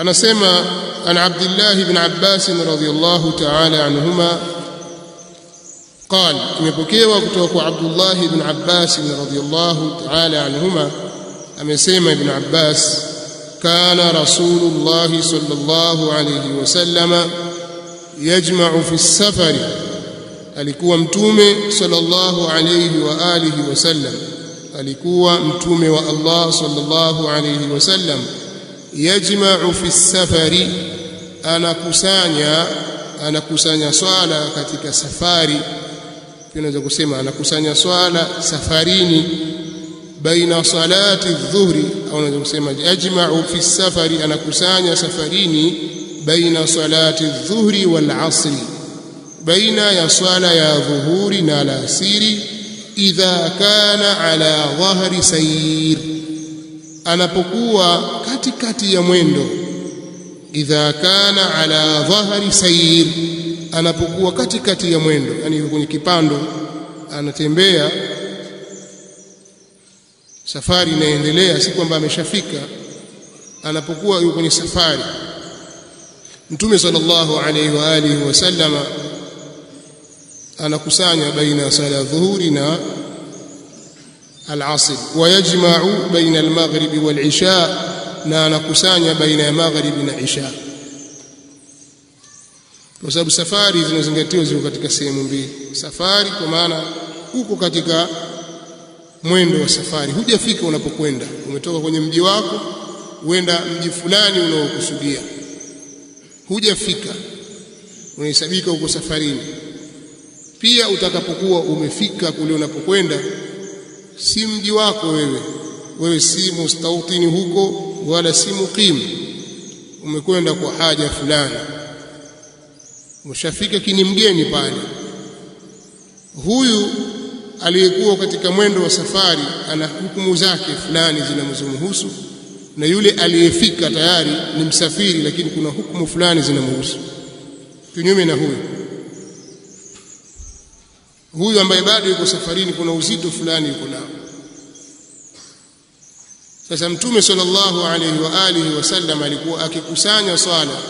anasema an Abdullah ibn Abbas radhiyallahu ta'ala anhuma قال imepokewa kutoka kwa Abdullah ibn Abbas radhiyallahu ta'ala anhuma amesema ibn Abbas kana rasulullah sallallahu alayhi wasallama yajma'u fi safari alikuwa mtume sallallahu alayhi wa alihi wasallam alikuwa mtume wa Allah sallallahu alayhi wasallam yajma'u fi safari, anakusanya anakusanya swala katika safari. Tunaweza kusema anakusanya swala safarini, baina salati dhuhri, au unaweza kusema ajma'u fi safari, anakusanya safarini baina salati dhuhri wal asr baina ya swala ya dhuhuri na alasiri, idha kana ala dhahri sayr anapokuwa katikati ya mwendo, idha kana ala dhahri sayr, anapokuwa katikati ya mwendo, yani kwenye kipando anatembea, safari inaendelea, si kwamba ameshafika. Anapokuwa yuko kwenye safari, Mtume sallallahu alayhi wa alihi wasallama anakusanya baina sala dhuhuri na alasr wayajmau baina almaghribi walisha, na anakusanya baina ya maghribi na isha, kwa sababu safari zinazingatiwa ziko katika sehemu mbili. Safari kwa maana huko katika mwendo wa safari, hujafika unapokwenda, umetoka kwenye mji wako uenda mji fulani unaokusudia, hujafika, unahesabika uko safarini. Pia utakapokuwa umefika kule unapokwenda si mji wako wewe, wewe si mustautini huko, wala si muqim. Umekwenda kwa haja fulani, ushafika kini mgeni pale. Huyu aliyekuwa katika mwendo wa safari ana hukumu zake fulani zinamzumhusu, na yule aliyefika tayari ni msafiri, lakini kuna hukumu fulani zinamhusu, kinyume na huyu huyu ambaye bado yuko safarini, kuna uzito fulani yuko nao. Sasa Mtume sallallahu alayhi wa alihi wasallam alikuwa akikusanya swala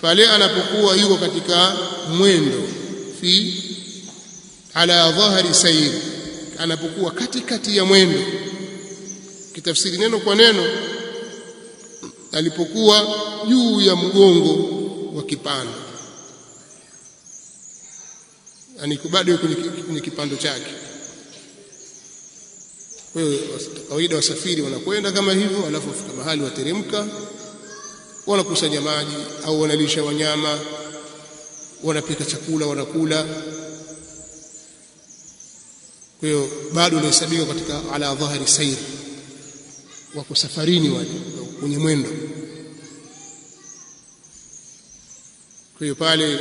pale anapokuwa yuko katika mwendo fi ala dhahri sayr, anapokuwa katikati ya mwendo. Kitafsiri neno kwa neno, alipokuwa juu ya mgongo wa kipando, yani bado kwenye kipando chake hiyo kawaida wasafiri wanakwenda kama hivyo, alafu wafika mahali wateremka, wanakusanya maji au wanalisha wanyama, wanapika chakula, wanakula. Kwa hiyo bado unahesabika katika ala dhahri sair, wako safarini, wale kwenye mwendo. Kwa hiyo pale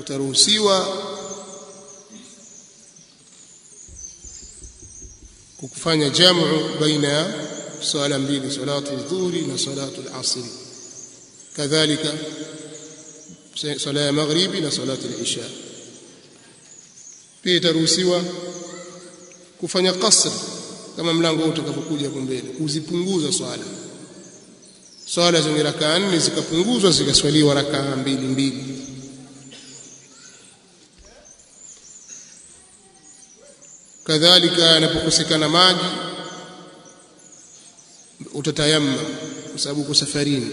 utaruhusiwa kukufanya kufanya jamu baina ya swala mbili, salatu dhuhri na salatu al asr kadhalika sala ya maghribi na salatu al-isha. Pia itaruhusiwa kufanya qasr kama mlango utakapokuja hapo mbele, kuzipunguza swala swala zenye rakaa nne zikapunguzwa zikaswaliwa rakaa mbili mbili Kadhalika yanapokosekana maji utatayamma, kwa sababu uko safarini,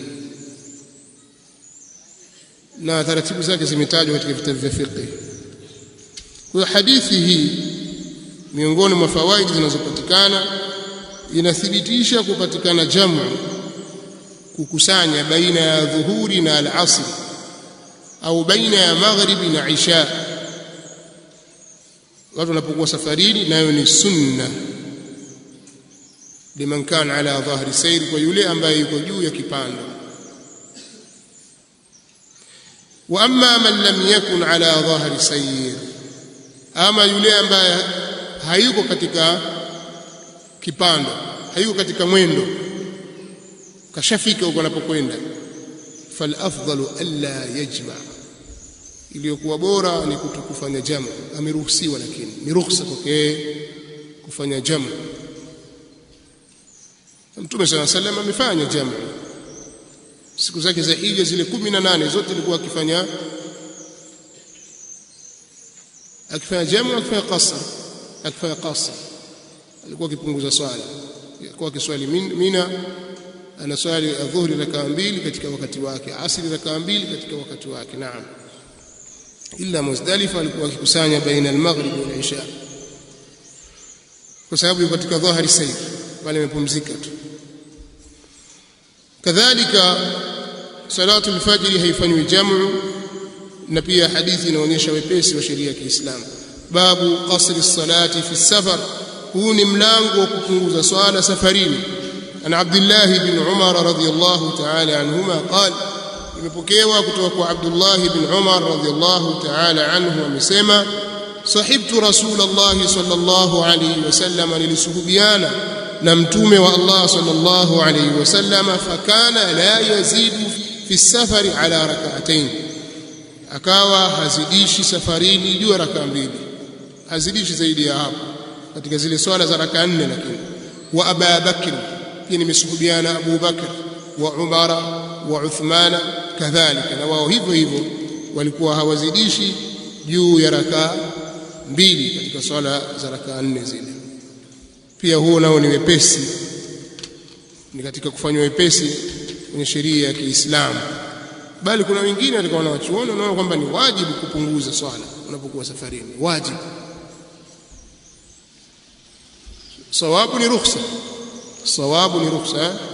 na taratibu zake zimetajwa katika vitabu vya fiqh. Kwa hadithi hii, miongoni mwa fawaidi zinazopatikana, inathibitisha kupatikana jamu, kukusanya baina ya dhuhuri na alasri, au baina ya maghribi na isha watu wanapokuwa safarini, nayo ni sunna liman kana ala dhahri sairi, kwa yule ambaye yuko juu ya kipando. Wa amma man lam yakun ala dhahri sair, ama yule ambaye hayuko katika kipando, hayuko katika mwendo, kashafika huko anapokwenda, fal afdalu alla yajma iliyokuwa bora ni kutokufanya jamu, ameruhusiwa, lakini ni ruhusa kwake kufanya jamu. Mtume sala salam amefanya jamu siku zake za hija zile kumi na nane zote alikuwa akifanya akifanya jamu, akifanya qasr, akifanya qasr. Alikuwa akipunguza swala, alikuwa akiswali Mina anaswali adhuhuri rakaa mbili katika wakati wake, asri rakaa mbili katika wakati wake. Naam. إلا مزدلفة وكسانيا بين المغرب والعشاء وسبب يبتك ظهر السيف يقم يبمزكة كذلك صلاة الفجر هيفن الجمع نبي حديث نونيش ويبيس وشريعة الإسلام باب قصر الصلاة في السفر هو ملانغ وكتنوز سؤال سفرين عن عبد الله بن عمر رضي الله تعالى عنهما قال Imepokewa kutoka kwa Abdullahi bin Umar radhiyallahu ta'ala anhu amesema, sahibtu Rasulullahi sallallahu alayhi wasallam, nilisuhubiana na mtume wa Allah sallallahu alayhi wasallam, fakana la yazidu fi safari ala rak'atayn, akawa hazidishi safarini juu ya rakaa mbili, hazidishi zaidi ya hapo katika zile swala za rakaa nne. Lakini wa Aba Bakr, pia nimesuhubiana Abu Bakr wa Umara wa Uthmana kadhalika, na wao hivyo hivyo walikuwa hawazidishi juu ya rakaa mbili katika swala za rakaa nne zile. Pia huo nao ni wepesi, ni katika kufanywa wepesi kwenye sheria ya Kiislamu, bali kuna wengine katika wanawachuoni wanaona kwamba ni wajibu kupunguza swala unapokuwa safarini, wajibu sawabu ni ruhusa, sawabu ni rukhsa eh?